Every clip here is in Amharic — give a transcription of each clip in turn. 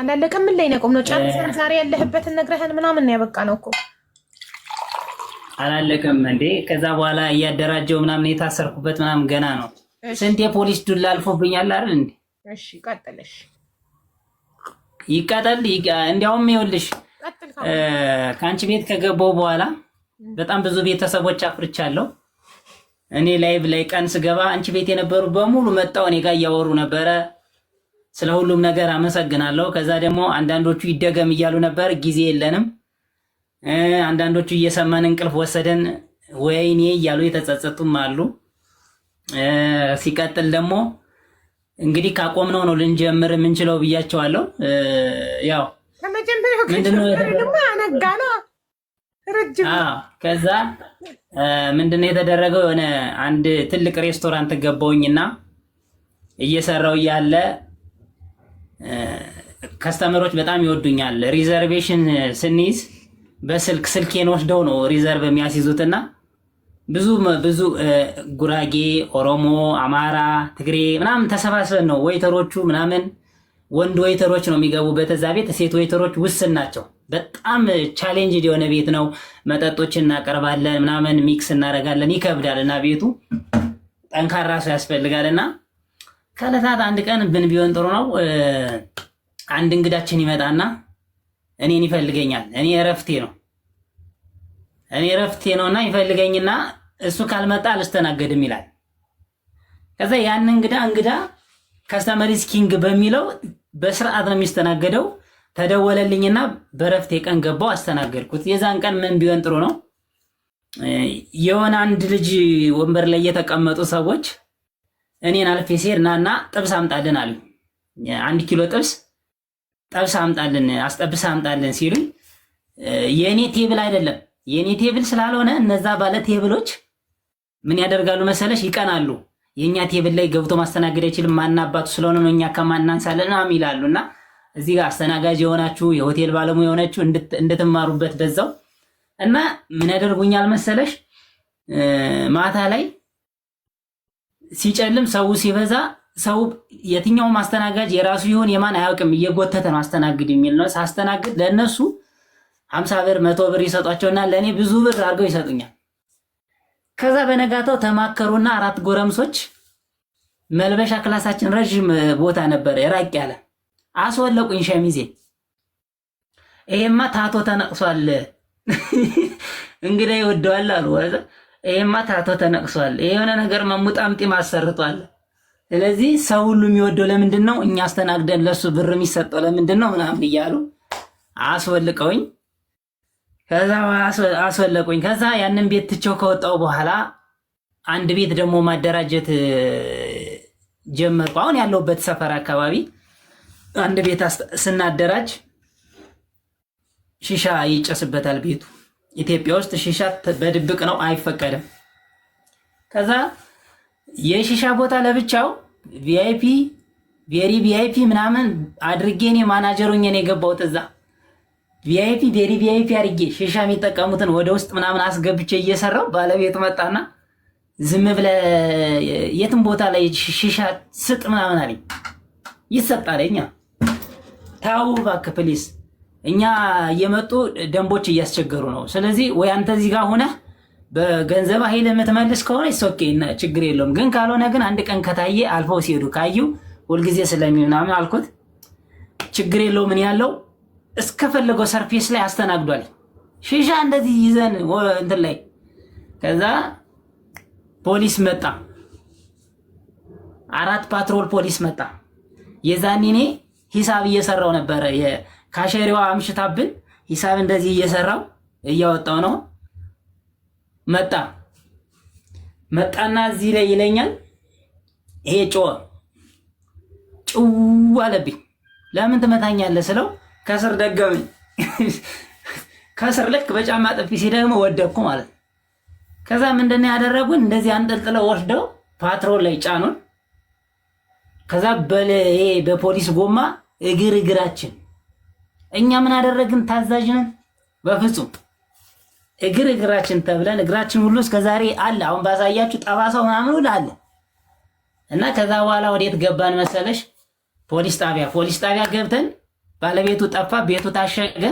አላለቀም። ምን ላይ ነው የቆምነው? ጨርሰን ዛሬ ያለህበትን ነግረህን ምናምን ያበቃ ነው እኮ አላለቀም እንዴ? ከዛ በኋላ እያደራጀው ምናምን የታሰርኩበት ምናምን ገና ነው። ስንት የፖሊስ ዱላ አልፎብኛል አይደል እንዴ? እሺ ቀጥልሽ። ይቀጠል። እንዲያውም ይኸውልሽ ከአንቺ ቤት ከገባው በኋላ በጣም ብዙ ቤተሰቦች አፍርቻለሁ። እኔ ላይቭ ላይ ቀን ስገባ አንቺ ቤት የነበሩ በሙሉ መጣው እኔ ጋር እያወሩ ነበረ ስለ ሁሉም ነገር አመሰግናለሁ። ከዛ ደግሞ አንዳንዶቹ ይደገም እያሉ ነበር፣ ጊዜ የለንም። አንዳንዶቹ እየሰማን እንቅልፍ ወሰደን ወይኔ እያሉ የተጸጸጡም አሉ። ሲቀጥል ደግሞ እንግዲህ ካቆምነው ነው ልንጀምር የምንችለው ብያቸዋለሁ። ያው ከዛ ምንድነው የተደረገው የሆነ አንድ ትልቅ ሬስቶራንት ገባውኝና እየሰራው እያለ። ከስተመሮች በጣም ይወዱኛል። ሪዘርቬሽን ስንይዝ በስልክ ስልኬን ወስደው ነው ሪዘርቭ የሚያስይዙትና ብዙ ብዙ ጉራጌ፣ ኦሮሞ፣ አማራ፣ ትግሬ ምናምን ተሰባስበን ነው ወይተሮቹ ምናምን ወንድ ወይተሮች ነው የሚገቡበት እዛ ቤት። ሴት ወይተሮች ውስን ናቸው። በጣም ቻሌንጅ የሆነ ቤት ነው። መጠጦች እናቀርባለን ምናምን ሚክስ እናደርጋለን። ይከብዳል እና ቤቱ ጠንካራ ሰው ያስፈልጋል እና ከዕለታት አንድ ቀን ብን ቢሆን ጥሩ ነው። አንድ እንግዳችን ይመጣና እኔን ይፈልገኛል። እኔ እረፍቴ ነው እኔ እረፍቴ ነውና ይፈልገኝና እሱ ካልመጣ አልስተናገድም ይላል። ከዛ ያን እንግዳ እንግዳ ከስተመር ኢዝ ኪንግ በሚለው በስርዓት ነው የሚስተናገደው። ተደወለልኝና በእረፍቴ ቀን ገባው አስተናገድኩት። የዛን ቀን ምን ቢሆን ጥሩ ነው የሆነ አንድ ልጅ ወንበር ላይ የተቀመጡ ሰዎች እኔን አልፌ ስሄድ ናና ጥብስ አምጣልን አሉ። አንድ ኪሎ ጥብስ ጠብስ አምጣልን፣ አስጠብስ አምጣልን ሲሉኝ የእኔ ቴብል አይደለም። የእኔ ቴብል ስላልሆነ እነዛ ባለ ቴብሎች ምን ያደርጋሉ መሰለሽ? ይቀናሉ። የእኛ ቴብል ላይ ገብቶ ማስተናገድ አይችልም፣ ማናባቱ ስለሆነ ነው እኛ ከማናንሳለን ምናምን ይላሉ። እና እዚህ ጋር አስተናጋጅ የሆናችሁ የሆቴል ባለሙያ የሆናችሁ እንድትማሩበት በዛው እና ምን ያደርጉኛል መሰለሽ ማታ ላይ ሲጨልም ሰው ሲበዛ ሰው የትኛው አስተናጋጅ የራሱ ይሁን የማን አያውቅም እየጎተተ ነው አስተናግድ የሚል ነው። ሳስተናግድ ለእነሱ ሀምሳ ብር መቶ ብር ይሰጧቸውና ለእኔ ብዙ ብር አድርገው ይሰጡኛል። ከዛ በነጋታው ተማከሩና አራት ጎረምሶች መልበሻ ክላሳችን ረዥም ቦታ ነበረ፣ ራቅ ያለ አስወለቁኝ ሸሚዜ። ይሄማ ታቶ ተነቅሷል እንግዳ ይወደዋል አሉ ይሄማ ታቶ ተነቅሷል። ይሄ የሆነ ነገር መሙጣም ጢም አሰርቷል። ስለዚህ ሰው ሁሉ የሚወደው ለምንድን ነው? እኛ አስተናግደን ለሱ ብር የሚሰጠው ለምንድን ነው? ምናምን እያሉ አስወልቀውኝ ከዛ አስወለቁኝ። ከዛ ያንን ቤት ትቼው ከወጣው በኋላ አንድ ቤት ደግሞ ማደራጀት ጀመርኩ። አሁን ያለሁበት ሰፈር አካባቢ አንድ ቤት ስናደራጅ ሺሻ ይጨስበታል ቤቱ ኢትዮጵያ ውስጥ ሺሻ በድብቅ ነው አይፈቀድም። ከዛ የሺሻ ቦታ ለብቻው ቪአይፒ ቬሪ ቪአይፒ ምናምን አድርጌ እኔ ማናጀሩኝ ነው የገባሁት እዛ ቪአይፒ ቬሪ ቪአይፒ አድርጌ ሺሻ የሚጠቀሙትን ወደ ውስጥ ምናምን አስገብቼ እየሰራው ባለቤት መጣና ዝም ብለ የትም ቦታ ላይ ሺሻ ስጥ ምናምን አለኝ። ይሰጣለኛ ታው እባክህ ፕሊስ እኛ እየመጡ ደንቦች እያስቸገሩ ነው። ስለዚህ ወይ አንተ እዚህ ጋር ሆነህ በገንዘብ ኃይል የምትመልስ ከሆነ ሶኬ ችግር የለውም። ግን ካልሆነ ግን አንድ ቀን ከታየ አልፈው ሲሄዱ ካዩ ሁልጊዜ ስለሚምናምን አልኩት ችግር የለው ምን ያለው እስከፈለገው ሰርፌስ ላይ አስተናግዷል። ሺሻ እንደዚህ ይዘን እንትን ላይ ከዛ ፖሊስ መጣ፣ አራት ፓትሮል ፖሊስ መጣ። የዛኔ እኔ ሂሳብ እየሰራው ነበረ ካሸሪዋ አምሽታብን ሂሳብ እንደዚህ እየሰራው እያወጣው ነው። መጣ መጣና እዚህ ላይ ይለኛል። ይሄ ጮ ጭው አለብኝ። ለምን ትመታኛለህ ስለው ከስር ደገመኝ። ከስር ልክ በጫማ ጥፊ ሲደግም ወደኩ ማለት ነው። ከዛ ምንድን ያደረጉን እንደዚህ አንጠልጥለው ወስደው ፓትሮል ላይ ጫኑን። ከዛ በፖሊስ ጎማ እግር እግራችን እኛ ምን አደረግን? ታዛዥ ነን? በፍጹም እግር እግራችን ተብለን እግራችን ሁሉ እስከዛሬ አለ። አሁን ባሳያችሁ ጠባሳው ምናምን ሁሉ አለ እና ከዛ በኋላ ወዴት ገባን መሰለሽ? ፖሊስ ጣቢያ። ፖሊስ ጣቢያ ገብተን ባለቤቱ ጠፋ፣ ቤቱ ታሸገ።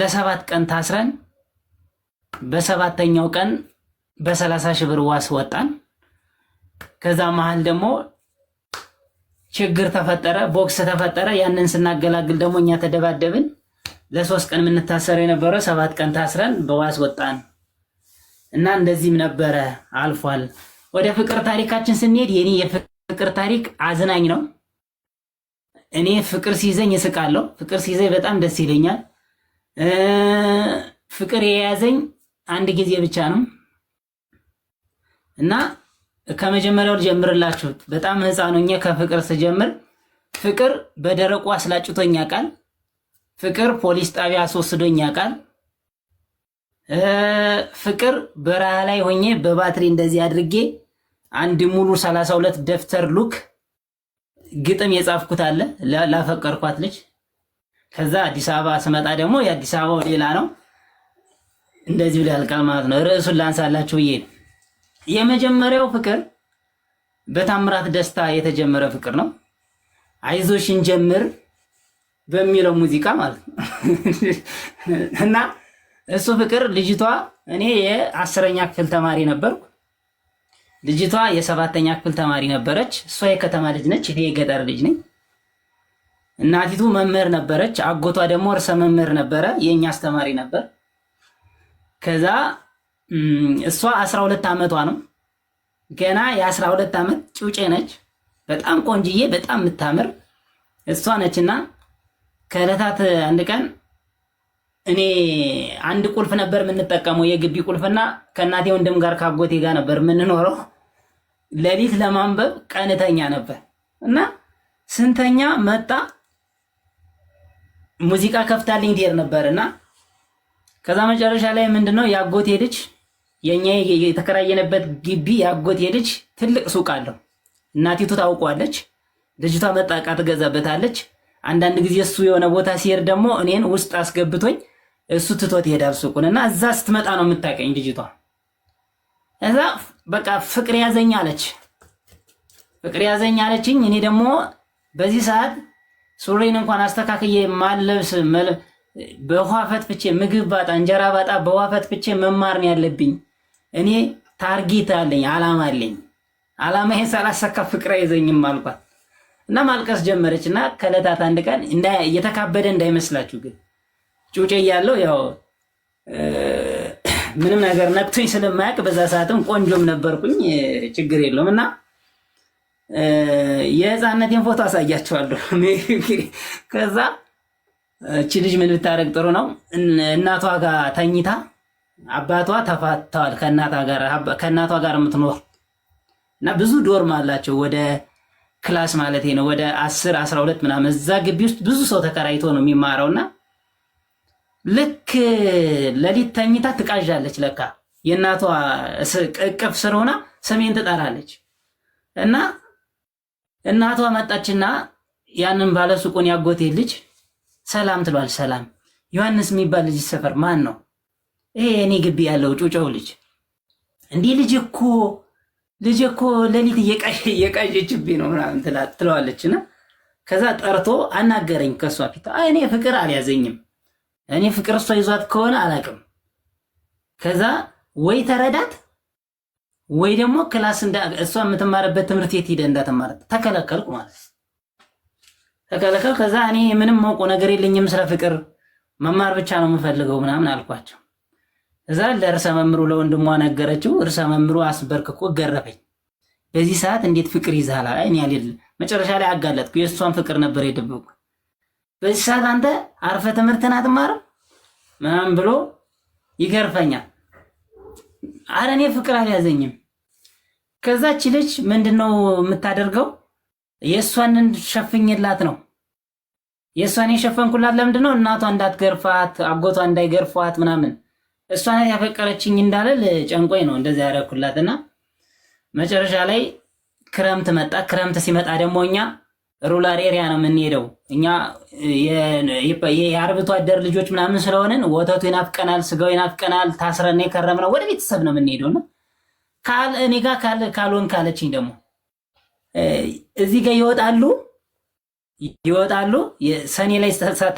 ለሰባት ቀን ታስረን በሰባተኛው ቀን በሰላሳ ሺህ ብር ዋስ ወጣን። ከዛ መሀል ደግሞ ችግር ተፈጠረ፣ ቦክስ ተፈጠረ። ያንን ስናገላግል ደግሞ እኛ ተደባደብን። ለሶስት ቀን የምንታሰረ የነበረው ሰባት ቀን ታስረን በዋስ ወጣን እና እንደዚህም ነበረ አልፏል። ወደ ፍቅር ታሪካችን ስንሄድ የኔ የፍቅር ታሪክ አዝናኝ ነው። እኔ ፍቅር ሲይዘኝ እስቃለሁ። ፍቅር ሲይዘኝ በጣም ደስ ይለኛል። ፍቅር የያዘኝ አንድ ጊዜ ብቻ ነው እና ከመጀመሪያው ልጀምርላችሁ። በጣም ህፃን ሆኜ ከፍቅር ስጀምር ፍቅር በደረቁ አስላጭቶኝ ያውቃል። ፍቅር ፖሊስ ጣቢያ አስወስዶኝ ያውቃል። ፍቅር በረሃ ላይ ሆኜ በባትሪ እንደዚህ አድርጌ አንድ ሙሉ 32 ደብተር ሉክ ግጥም የጻፍኩት አለ ላፈቀርኳት ልጅ። ከዛ አዲስ አበባ ስመጣ ደግሞ የአዲስ አበባው ሌላ ነው። እንደዚህ ብሎ ያልቃል ማለት ነው። ርዕሱን ላንሳላችሁ ብዬ የመጀመሪያው ፍቅር በታምራት ደስታ የተጀመረ ፍቅር ነው። አይዞሽን ጀምር በሚለው ሙዚቃ ማለት ነው እና እሱ ፍቅር ልጅቷ እኔ የአስረኛ ክፍል ተማሪ ነበርኩ። ልጅቷ የሰባተኛ ክፍል ተማሪ ነበረች። እሷ የከተማ ልጅ ነች፣ እኔ የገጠር ልጅ ነኝ። እናቲቱ መምህር ነበረች፣ አጎቷ ደግሞ እርሰ መምህር ነበረ፣ የእኛ አስተማሪ ነበር። ከዛ እሷ አስራ ሁለት ዓመቷ ነው። ገና የአስራ ሁለት ዓመት ጩጬ ነች። በጣም ቆንጅዬ፣ በጣም የምታምር እሷ ነችና ከእለታት አንድ ቀን እኔ አንድ ቁልፍ ነበር የምንጠቀመው የግቢ ቁልፍና ከእናቴ ወንድም ጋር ካጎቴ ጋር ነበር የምንኖረው። ሌሊት ለማንበብ ቀንተኛ ነበር እና ስንተኛ መጣ ሙዚቃ ከፍታልኝ ትሄድ ነበር እና ከዛ መጨረሻ ላይ ምንድነው የአጎቴ ልጅ የኛ የተከራየነበት ግቢ ያጎቴ ልጅ ትልቅ ሱቅ አለው። እናቲቱ ታውቋለች። ልጅቷ መጣቃ ትገዛበታለች። አንዳንድ ጊዜ እሱ የሆነ ቦታ ሲሄድ ደግሞ እኔን ውስጥ አስገብቶኝ እሱ ትቶት ይሄዳል ሱቁን እና እዛ ስትመጣ ነው የምታቀኝ ልጅቷ። እዛ በቃ ፍቅር ያዘኝ አለች። ፍቅር ያዘኝ አለችኝ። እኔ ደግሞ በዚህ ሰዓት ሱሪን እንኳን አስተካክዬ ማለብስ በውሃ ፈትፍቼ ምግብ ባጣ እንጀራ ባጣ በውሃ ፈትፍቼ መማር ነው ያለብኝ። እኔ ታርጌት አለኝ፣ አላማ አለኝ። አላማ ይሄን ሳላሳካ ፍቅር አይዘኝም አልኳት እና ማልቀስ ጀመረች። እና አንድ ቀን እየተካበደ እንዳይመስላችሁ ግን ጩጬ እያለሁ ያው ምንም ነገር ነክቶኝ ስለማያውቅ በዛ ሰዓትም ቆንጆም ነበርኩኝ፣ ችግር የለውም እና የህፃነቴን ፎቶ አሳያቸዋለሁ። ከዛ እቺ ልጅ ምን ብታደርግ ጥሩ ነው እናቷ ጋር ተኝታ አባቷ ተፋተዋል ከእናቷ ጋር የምትኖር እና ብዙ ዶርም አላቸው። ወደ ክላስ ማለት ነው ወደ አስር አስራ ሁለት ምናምን እዛ ግቢ ውስጥ ብዙ ሰው ተከራይቶ ነው የሚማረውና ልክ ለሊት ተኝታ ትቃዣለች። ለካ የእናቷ እቅፍ ስር ሆና ስሜን ትጠራለች እና እናቷ መጣችና ያንን ባለሱቁን ያጎቴ ልጅ ሰላም ትሏል። ሰላም ዮሐንስ የሚባል ልጅ ሰፈር ማን ነው ይሄ እኔ ግቢ ያለው ጩጨው ልጅ እንዲህ ልጅ እኮ ልጅ እኮ ሌሊት እየቃዠችብኝ ነው ምናምን ትለዋለች እና ከዛ ጠርቶ አናገረኝ። ከእሷ ፊት እኔ ፍቅር አልያዘኝም። እኔ ፍቅር እሷ ይዟት ከሆነ አላቅም። ከዛ ወይ ተረዳት ወይ ደግሞ ክላስ እሷ የምትማርበት ትምህርት ቤት ሂደ እንዳትማር ተከለከልኩ ማለት ተከለከልኩ። ከዛ እኔ ምንም ማውቀው ነገር የለኝም ስለ ፍቅር መማር ብቻ ነው የምፈልገው ምናምን አልኳቸው። እዛ ለእርሰ መምሩ ለወንድሟ ነገረችው። እርሰ መምሩ አስበርክኮ ገረፈኝ። በዚህ ሰዓት እንዴት ፍቅር ይዛሃል? አይን ያሌለ መጨረሻ ላይ አጋለጥኩ። የእሷን ፍቅር ነበር የደበቅኩ። በዚህ ሰዓት አንተ አርፈ ትምህርትን አትማርም ምናምን ብሎ ይገርፈኛል። አረ እኔ ፍቅር አልያዘኝም። ከዛች ልጅ ምንድነው የምታደርገው? የእሷን ሸፍኝላት ነው የእሷን የሸፈንኩላት። ለምንድነው እናቷ እንዳትገርፋት፣ አጎቷ እንዳይገርፏት ምናምን እሷ ናት ያፈቀረችኝ እንዳለል ጨንቆኝ ነው እንደዚህ ያደረኩላትና መጨረሻ ላይ ክረምት መጣ። ክረምት ሲመጣ ደግሞ እኛ ሩላር ኤሪያ ነው የምንሄደው። እኛ የአርብቶ አደር ልጆች ምናምን ስለሆንን ወተቱ ይናፍቀናል፣ ስጋው ይናፍቀናል። ታስረን የከረምነው ወደ ቤተሰብ ነው የምንሄደው እና እኔ ጋር ካልሆን ካለችኝ ደግሞ እዚህ ጋር ይወጣሉ ይወጣሉ። ሰኔ ላይ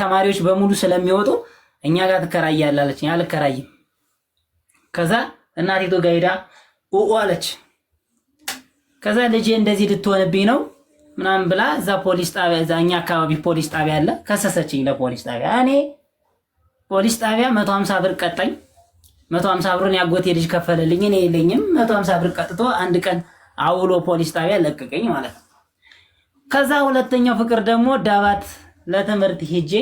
ተማሪዎች በሙሉ ስለሚወጡ እኛ ጋር ትከራያለች። አልከራይም ከዛ እናቲቱ ጋይዳ ሄዳ ኡ አለች። ከዛ ልጄ እንደዚህ ልትሆንብኝ ነው ምናምን ብላ እዛ ፖሊስ ጣቢያ እዛ እኛ አካባቢ ፖሊስ ጣቢያ አለ ከሰሰችኝ ለፖሊስ ጣቢያ። እኔ ፖሊስ ጣቢያ ሀምሳ ብር ቀጣኝ። ሀምሳ ብሩን ያጎቴ ልጅ ከፈለልኝ፣ እኔ የለኝም። ሀምሳ ብር ቀጥቶ አንድ ቀን አውሎ ፖሊስ ጣቢያ ለቀቀኝ ማለት ነው። ከዛ ሁለተኛው ፍቅር ደግሞ ዳባት ለትምህርት ሄጄ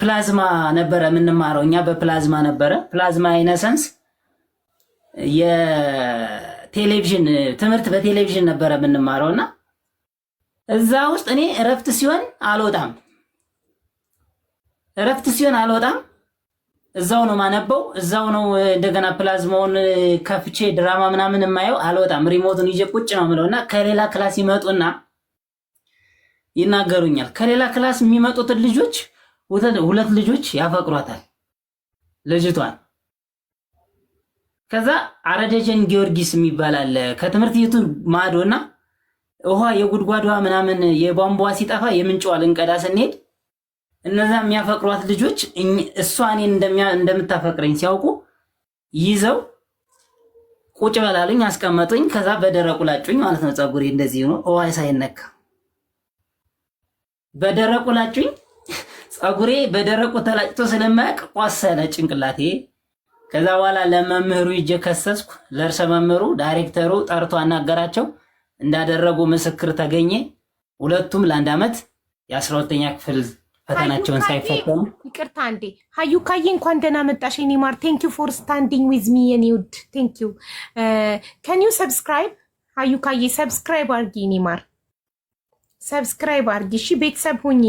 ፕላዝማ ነበረ የምንማረው እኛ በፕላዝማ ነበረ። ፕላዝማ ኢነሰንስ የቴሌቪዥን ትምህርት በቴሌቪዥን ነበረ የምንማረው እና እዛ ውስጥ እኔ እረፍት ሲሆን አልወጣም፣ እረፍት ሲሆን አልወጣም። እዛው ነው ማነበው፣ እዛው ነው እንደገና ፕላዝማውን ከፍቼ ድራማ ምናምን የማየው። አልወጣም፣ ሪሞቱን ይዤ ቁጭ ነው የምለው እና ከሌላ ክላስ ይመጡና ይናገሩኛል። ከሌላ ክላስ የሚመጡትን ልጆች ሁለት ልጆች ያፈቅሯታል ልጅቷን። ከዛ አረደጀን ጊዮርጊስ የሚባል አለ ከትምህርት ቤቱ ማዶና ውሃ የጉድጓዷ ምናምን የቧንቧ ሲጠፋ የምንጭዋ እንቀዳ ስንሄድ እነዛ የሚያፈቅሯት ልጆች እሷ እኔን እንደምታፈቅረኝ ሲያውቁ ይዘው ቁጭ በላሉኝ፣ አስቀመጡኝ። ከዛ በደረቁ ላጩኝ ማለት ነው። ፀጉሬ እንደዚህ ነው፣ ውሃ ሳይነካ በደረቁ ላጩኝ። ፀጉሬ በደረቁ ተላጭቶ ስለማያውቅ ቆሰለ ጭንቅላቴ። ከዛ በኋላ ለመምህሩ ይዤ ከሰስኩ። ለርዕሰ መምህሩ ዳይሬክተሩ ጠርቶ አናገራቸው። እንዳደረጉ ምስክር ተገኘ። ሁለቱም ለአንድ ዓመት የአስራ ሁለተኛ ክፍል ፈተናቸውን ሳይፈተኑ ይቅርታ እንዴ ሀዩ ካዬ እንኳን ደህና መጣሽ የኔ ማር ቴንክ ዩ ፎር ስታንዲንግ ዊዝ ሚ የኔ ውድ ቴንክ ዩ ከን ዩ ሰብስክራይብ ሀዩ ካዬ ሰብስክራይብ አርጊ የኔ ማር ሰብስክራይብ አድርጊ። እሺ ቤተሰብ ሁኚ።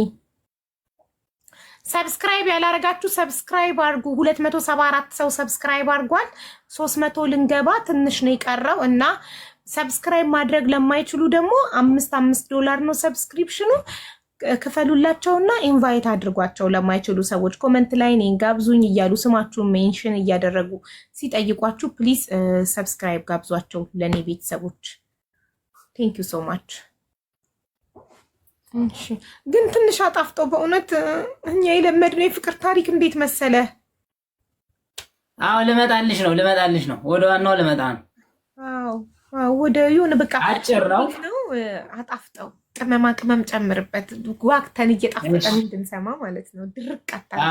ሰብስክራይብ ያላረጋችሁ ሰብስክራይብ አድርጉ። 274 ሰው ሰብስክራይብ አድርጓል። 300 ልንገባ ትንሽ ነው የቀረው እና ሰብስክራይብ ማድረግ ለማይችሉ ደግሞ አምስት አምስት ዶላር ነው ሰብስክሪፕሽኑ ክፈሉላቸውና ኢንቫይት አድርጓቸው። ለማይችሉ ሰዎች ኮመንት ላይ እኔን ጋብዙኝ እያሉ ስማችሁን ሜንሽን እያደረጉ ሲጠይቋችሁ ፕሊስ ሰብስክራይብ ጋብዟቸው። ለእኔ ቤተሰቦች ቴንክ ዩ ሶ ማች ግን ትንሽ አጣፍጦ በእውነት እኛ የለመድነው የፍቅር ታሪክ እንዴት መሰለ። አዎ ልመጣልሽ ነው ልመጣልሽ ነው ወደ ዋናው ልመጣ ነው። ወደ የሆነ በቃ አጭር ነው። አጣፍጠው ቅመማ ቅመም ጨምርበት ዋክተን እየጣፍጠን እንድንሰማ ማለት ነው። ድርቅ አታ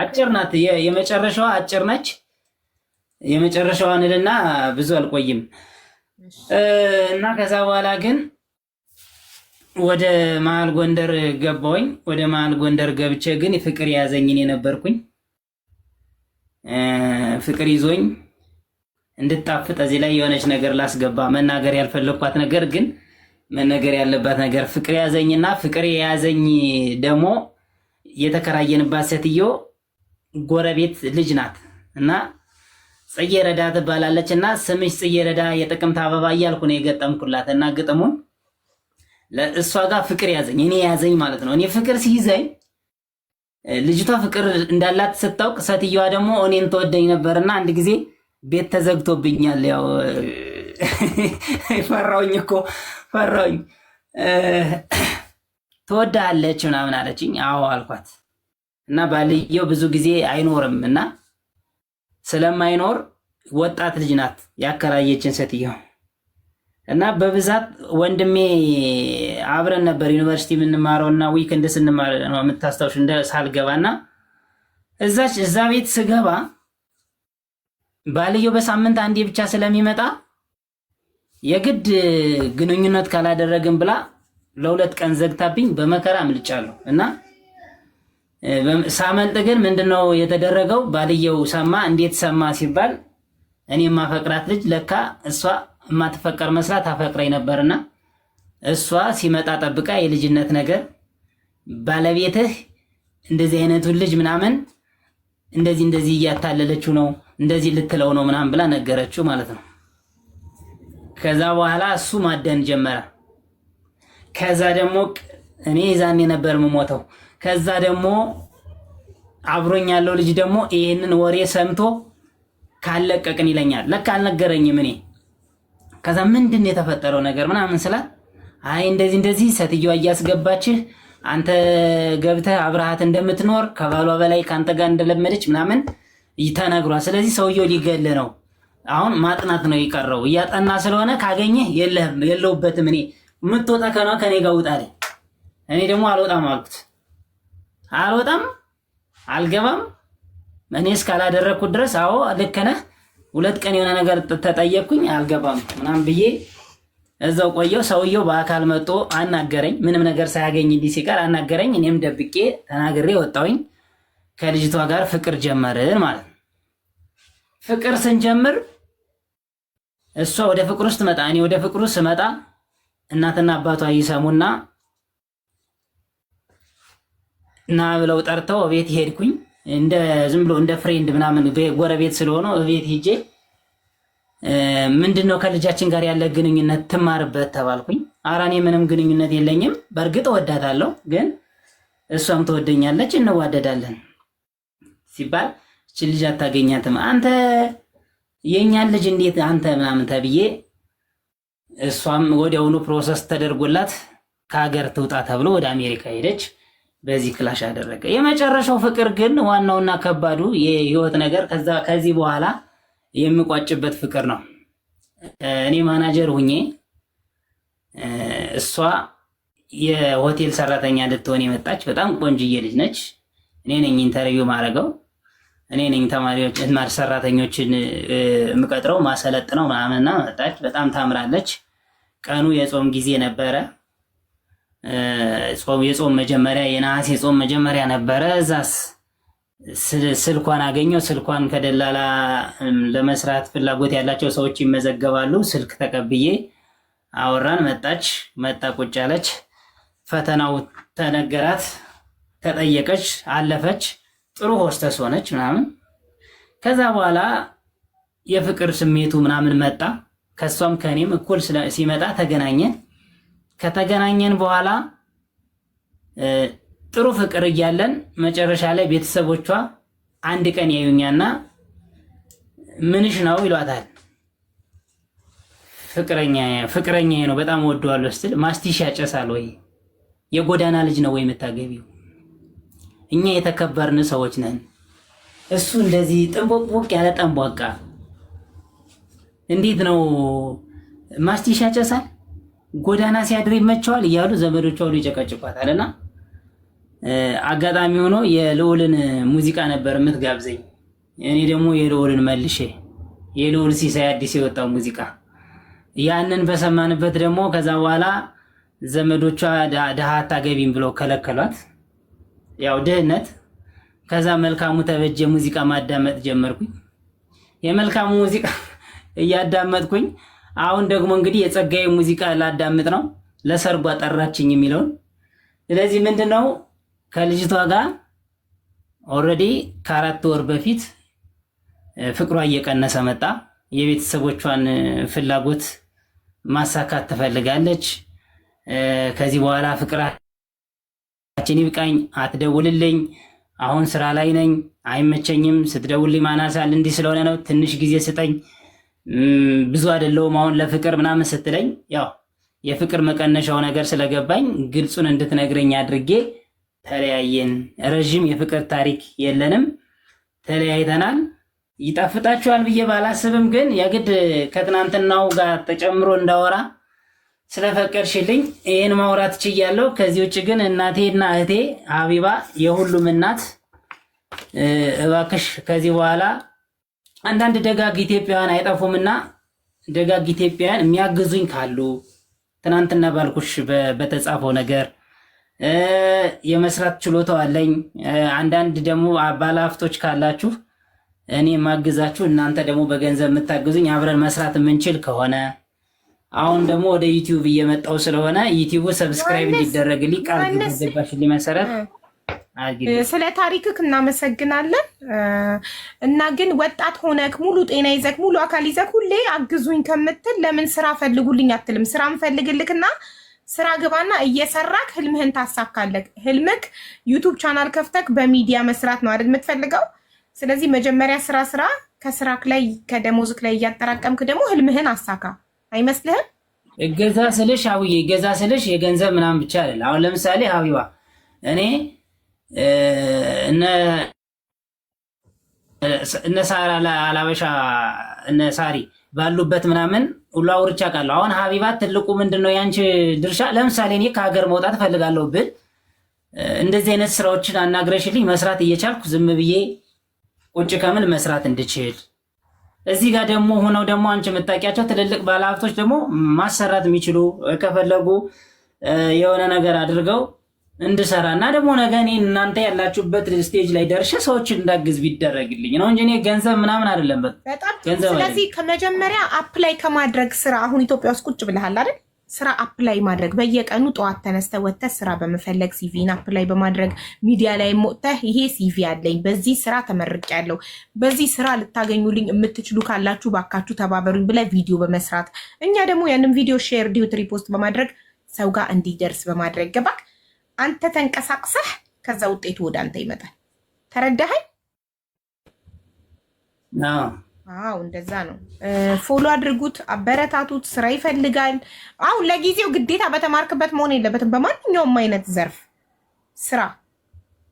አጭር ናት። የመጨረሻዋ አጭር ነች። የመጨረሻዋን እልና ብዙ አልቆይም እና ከዛ በኋላ ግን ወደ መሀል ጎንደር ገባኝ ወደ መሀል ጎንደር ገብቼ ግን ፍቅር ያዘኝ እኔ ነበርኩኝ። ፍቅር ይዞኝ እንድጣፍጥ እዚህ ላይ የሆነች ነገር ላስገባ፣ መናገር ያልፈለግኳት ነገር ግን መነገር ያለባት ነገር ፍቅር ያዘኝና ፍቅር የያዘኝ ደግሞ የተከራየንባት ሴትዮ ጎረቤት ልጅ ናት እና ረዳ ትባላለች እና ስምሽ ረዳ የጥቅምት አበባ እያልኩ ነው የገጠምኩላት እና ግጥሙን ለእሷ ጋር ፍቅር ያዘኝ እኔ ያዘኝ ማለት ነው። እኔ ፍቅር ሲይዘኝ ልጅቷ ፍቅር እንዳላት ስታውቅ፣ ሴትዮዋ ደግሞ እኔን ተወደኝ ነበርና አንድ ጊዜ ቤት ተዘግቶብኛል። ያው ፈራውኝ እኮ ፈራውኝ። ትወዳለች ምናምን አለችኝ። አዎ አልኳት እና ባልየው ብዙ ጊዜ አይኖርም እና ስለማይኖር ወጣት ልጅ ናት ያከራየችን ሴትየው እና በብዛት ወንድሜ አብረን ነበር ዩኒቨርሲቲ የምንማረው እና እንደ ስንማር ነው የምታስታውሽ፣ እንደ ሳልገባ እና እዛች እዛ ቤት ስገባ ባልየው በሳምንት አንዴ ብቻ ስለሚመጣ የግድ ግንኙነት ካላደረግን ብላ ለሁለት ቀን ዘግታብኝ በመከራ አምልጫለሁ እና ሳመልጥ ግን ምንድነው የተደረገው? ባልየው ሰማ። እንዴት ሰማ ሲባል እኔ ማፈቅራት ልጅ ለካ እሷ የማትፈቀር መስላት አፈቅረኝ ነበርና እሷ ሲመጣ ጠብቃ የልጅነት ነገር ባለቤትህ እንደዚህ አይነቱን ልጅ ምናምን እንደዚህ እንደዚህ እያታለለችው ነው እንደዚህ ልትለው ነው ምናምን ብላ ነገረችው ማለት ነው። ከዛ በኋላ እሱ ማደን ጀመረ። ከዛ ደግሞ እኔ ይዛኔ ነበር የምሞተው። ከዛ ደግሞ አብሮኝ ያለው ልጅ ደግሞ ይህንን ወሬ ሰምቶ ካለቀቅን ይለኛል። ለካ አልነገረኝም እኔ ከዛ ምንድን ነው የተፈጠረው ነገር ምናምን ስላት አይ እንደዚህ እንደዚህ ሴትዮዋ እያስገባችህ አንተ ገብተህ አብረሃት እንደምትኖር ከባሏ በላይ ከአንተ ጋር እንደለመደች ምናምን ተነግሯል። ስለዚህ ሰውየው ሊገል ነው። አሁን ማጥናት ነው የቀረው። እያጠና ስለሆነ ካገኘ የለህም የለውበትም እኔ የምትወጣ ከኗ ከኔ ጋር ውጣ እኔ ደግሞ አልወጣም አልኩት። አልወጣም አልገባም እኔ እስካላደረግኩት ድረስ አዎ ልክ ነህ ሁለት ቀን የሆነ ነገር ተጠየቅኩኝ አልገባም ምናምን ብዬ እዛው ቆየው። ሰውየው በአካል መጦ አናገረኝ። ምንም ነገር ሳያገኝ እንዲህ ሲቀር አናገረኝ። እኔም ደብቄ ተናግሬ ወጣሁኝ። ከልጅቷ ጋር ፍቅር ጀመርን ማለት ነው። ፍቅር ስንጀምር እሷ ወደ ፍቅሩ ስትመጣ እኔ ወደ ፍቅሩ ስመጣ እናትና አባቷ ይሰሙና ና ብለው ጠርተው ቤት ሄድኩኝ። እንደ ዝም ብሎ እንደ ፍሬንድ ምናምን ጎረቤት ስለሆነ እቤት ሂጄ ምንድን ነው ከልጃችን ጋር ያለ ግንኙነት ትማርበት ተባልኩኝ። ኧረ እኔ ምንም ግንኙነት የለኝም። በእርግጥ እወዳታለሁ፣ ግን እሷም ትወደኛለች፣ እንዋደዳለን ሲባል እች ልጅ አታገኛትም አንተ የእኛን ልጅ እንዴት አንተ ምናምን ተብዬ እሷም ወዲያውኑ ፕሮሰስ ተደርጎላት ከሀገር ትውጣ ተብሎ ወደ አሜሪካ ሄደች። በዚህ ክላሽ አደረገ። የመጨረሻው ፍቅር ግን ዋናውና ከባዱ የህይወት ነገር ከዚህ በኋላ የምቋጭበት ፍቅር ነው። እኔ ማናጀር ሁኜ እሷ የሆቴል ሰራተኛ ልትሆን የመጣች በጣም ቆንጅዬ ልጅ ነች። እኔ ነኝ ኢንተርቪው ማድረገው፣ እኔ ነኝ ተማሪዎች ሰራተኞችን የምቀጥረው ማሰለጥ ነው ምናምንና መጣች። በጣም ታምራለች። ቀኑ የጾም ጊዜ ነበረ። የጾም መጀመሪያ የነሐሴ ጾም መጀመሪያ ነበረ። እዛስ ስልኳን አገኘው። ስልኳን ከደላላ ለመስራት ፍላጎት ያላቸው ሰዎች ይመዘገባሉ። ስልክ ተቀብዬ አወራን። መጣች መጣ ቁጭ አለች። ፈተናው ተነገራት፣ ተጠየቀች፣ አለፈች። ጥሩ ሆስተስ ሆነች ምናምን። ከዛ በኋላ የፍቅር ስሜቱ ምናምን መጣ። ከእሷም ከእኔም እኩል ሲመጣ ተገናኘን። ከተገናኘን በኋላ ጥሩ ፍቅር እያለን መጨረሻ ላይ ቤተሰቦቿ አንድ ቀን ያዩኛና ምንሽ ነው ይሏታል። ፍቅረኛ ነው በጣም ወደዋለሁ ስትል ማስቲሽ ያጨሳል ወይ የጎዳና ልጅ ነው ወይ የምታገቢው? እኛ የተከበርን ሰዎች ነን። እሱ እንደዚህ ጥንቦቅቦቅ ያለ ጠንቧቃ እንዴት ነው ማስቲሽ ያጨሳል? ጎዳና ሲያድር ይመቸዋል እያሉ ዘመዶቿ ሁሉ ይጨቀጭቋታል። እና አጋጣሚ ሆኖ የልዑልን ሙዚቃ ነበር የምትጋብዘኝ። እኔ ደግሞ የልዑልን መልሼ የልዑል ሲሳይ አዲስ የወጣው ሙዚቃ ያንን በሰማንበት ደግሞ ከዛ በኋላ ዘመዶቿ ድሃ አታገቢም ብለው ከለከሏት። ያው ድህነት። ከዛ መልካሙ ተበጀ ሙዚቃ ማዳመጥ ጀመርኩኝ። የመልካሙ ሙዚቃ እያዳመጥኩኝ አሁን ደግሞ እንግዲህ የጸጋዬ ሙዚቃ ላዳምጥ ነው ለሰርጉ አጠራችኝ የሚለውን ስለዚህ ምንድን ነው ከልጅቷ ጋር ኦልሬዲ ከአራት ወር በፊት ፍቅሯ እየቀነሰ መጣ። የቤተሰቦቿን ፍላጎት ማሳካት ትፈልጋለች። ከዚህ በኋላ ፍቅራችን ይብቃኝ፣ አትደውልልኝ፣ አሁን ስራ ላይ ነኝ፣ አይመቸኝም፣ ስትደውልኝ ማናሳል፣ እንዲህ ስለሆነ ነው፣ ትንሽ ጊዜ ስጠኝ ብዙ አይደለውም አሁን ለፍቅር ምናምን ስትለኝ ያው የፍቅር መቀነሻው ነገር ስለገባኝ ግልጹን እንድትነግረኝ አድርጌ ተለያየን። ረዥም የፍቅር ታሪክ የለንም፣ ተለያይተናል። ይጣፍጣችኋል ብዬ ባላስብም ግን የግድ ከትናንትናው ጋር ተጨምሮ እንዳወራ ስለፈቀድሽልኝ ይህን ማውራት ችያለሁ። ከዚህ ውጭ ግን እናቴና እህቴ ሀቢባ የሁሉም እናት እባክሽ ከዚህ በኋላ አንዳንድ ደጋግ ኢትዮጵያውያን አይጠፉምና ደጋግ ኢትዮጵያውያን የሚያግዙኝ ካሉ ትናንትና ባልኩሽ በተጻፈው ነገር የመስራት ችሎታው አለኝ። አንዳንድ ደግሞ ባለሀብቶች ካላችሁ እኔ የማግዛችሁ እናንተ ደግሞ በገንዘብ የምታግዙኝ አብረን መስራት የምንችል ከሆነ አሁን ደግሞ ወደ ዩቲዩብ እየመጣው ስለሆነ ዩቲዩቡ ሰብስክራይብ እንዲደረግልኝ ቃል ገባሽልኝ መሰረት ስለ ታሪክክ እናመሰግናለን እና ግን ወጣት ሆነክ ሙሉ ጤና ይዘክ ሙሉ አካል ይዘክ ሁሌ አግዙኝ ከምትል ለምን ስራ ፈልጉልኝ አትልም? ስራ ምፈልግልክና ስራ ግባና እየሰራክ ህልምህን ታሳካለክ። ህልምክ ዩቱብ ቻናል ከፍተክ በሚዲያ መስራት ነው አይደል የምትፈልገው? ስለዚህ መጀመሪያ ስራ ስራ፣ ከስራክ ላይ ከደሞዝክ ላይ እያጠራቀምክ ደግሞ ህልምህን አሳካ። አይመስልህም? እገዛ ስልሽ አውዬ፣ እገዛ ስልሽ የገንዘብ ምናምን ብቻ አይደል። አሁን ለምሳሌ ሀቢባ እኔ እነ ሳራ አላበሻ እነ ሳሪ ባሉበት ምናምን ሁሉ አውርቻ ቃለሁ። አሁን ሀቢባት ትልቁ ምንድን ነው ድርሻ? ለምሳሌ እኔ ከሀገር መውጣት እፈልጋለሁ ብል እንደዚህ አይነት ስራዎችን አናግረሽልኝ መስራት እየቻልኩ ዝም ብዬ ቁጭ ከምል መስራት እንድችል እዚህ ጋር ደግሞ ሆነው ደግሞ አንቺ የምታውቂያቸው ትልልቅ ባለሀብቶች ደግሞ ማሰራት የሚችሉ ከፈለጉ የሆነ ነገር አድርገው እንድሰራ እና ደግሞ ነገ እኔ እናንተ ያላችሁበት ስቴጅ ላይ ደርሼ ሰዎች እንዳግዝ ቢደረግልኝ ነው እንጂ እኔ ገንዘብ ምናምን አይደለም። ስለዚህ ከመጀመሪያ አፕላይ ከማድረግ ስራ አሁን ኢትዮጵያ ውስጥ ቁጭ ብለሃል አይደል? ስራ አፕላይ ማድረግ በየቀኑ ጠዋት ተነስተህ ወጥተህ ስራ በመፈለግ ሲቪን አፕላይ በማድረግ ሚዲያ ላይ ወጥተህ ይሄ ሲቪ አለኝ፣ በዚህ ስራ ተመርቅ ያለው በዚህ ስራ ልታገኙልኝ የምትችሉ ካላችሁ ባካችሁ ተባበሩኝ ብለህ ቪዲዮ በመስራት እኛ ደግሞ ያንም ቪዲዮ ሼር ዲዩት ሪፖስት በማድረግ ሰው ጋር እንዲደርስ በማድረግ ገባክ አንተ ተንቀሳቅሰህ ከዛ ውጤቱ ወደ አንተ ይመጣል። ተረዳኸኝ? አዎ እንደዛ ነው። ፎሎ አድርጉት፣ አበረታቱት። ስራ ይፈልጋል። አሁን ለጊዜው ግዴታ በተማርክበት መሆን የለበትም። በማንኛውም አይነት ዘርፍ ስራ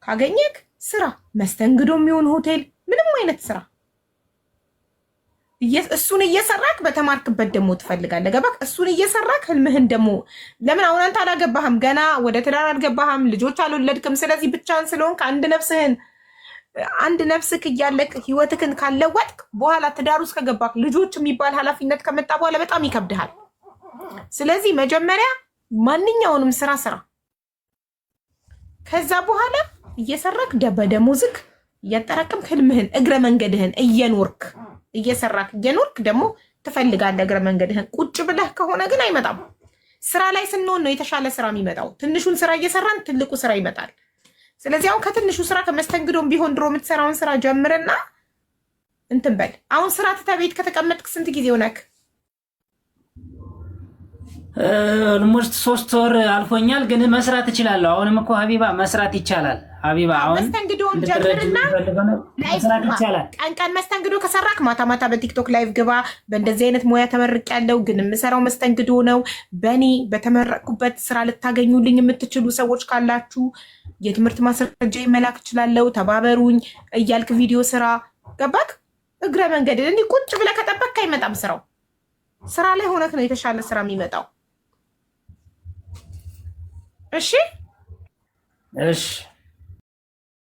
ካገኘክ ስራ፣ መስተንግዶ የሚሆን ሆቴል፣ ምንም አይነት ስራ እሱን እየሰራክ በተማርክበት ደግሞ ትፈልጋለህ። ገባክ? እሱን እየሰራክ ህልምህን ደግሞ ለምን አሁን አንተ አላገባህም፣ ገና ወደ ትዳር አልገባህም፣ ልጆች አልወለድክም። ስለዚህ ብቻህን ስለሆንክ አንድ ነፍስህን አንድ ነፍስክ እያለቅ ህይወትክን ካለወጥክ በኋላ ትዳር ውስጥ ከገባክ ልጆች የሚባል ኃላፊነት ከመጣ በኋላ በጣም ይከብድሃል። ስለዚህ መጀመሪያ ማንኛውንም ስራ ስራ። ከዛ በኋላ እየሰራክ በደሞዝክ እያጠራቅምክ ህልምህን እግረ መንገድህን እየኖርክ እየሰራክ እየኖርክ ደግሞ ትፈልጋለህ እግረ መንገድህን። ቁጭ ብለህ ከሆነ ግን አይመጣም። ስራ ላይ ስንሆን ነው የተሻለ ስራ የሚመጣው። ትንሹን ስራ እየሰራን ትልቁ ስራ ይመጣል። ስለዚህ አሁን ከትንሹ ስራ ከመስተንግዶም ቢሆን ድሮ የምትሰራውን ስራ ጀምርና እንትን በል። አሁን ስራ ትተህ ቤት ከተቀመጥክ ስንት ጊዜ ሆነክ? ኦልሞስት ሶስት ወር አልፎኛል፣ ግን መስራት እችላለሁ። አሁንም እኮ ሀቢባ መስራት ይቻላል። ሀቢባ አሁን መስተንግዶን ጀምርና ቀን ቀን መስተንግዶ ከሰራክ ማታ ማታ በቲክቶክ ላይቭ ግባ። በእንደዚህ አይነት ሙያ ተመርቅ ያለው ግን የምሰራው መስተንግዶ ነው። በእኔ በተመረቅኩበት ስራ ልታገኙልኝ የምትችሉ ሰዎች ካላችሁ የትምህርት ማስረጃ መላክ እችላለሁ፣ ተባበሩኝ እያልክ ቪዲዮ ስራ። ገባክ? እግረ መንገድ እኔ ቁጭ ብለህ ከጠበቅክ አይመጣም ስራው። ስራ ላይ ሆነክ ነው የተሻለ ስራ የሚመጣው። እሺ እሺ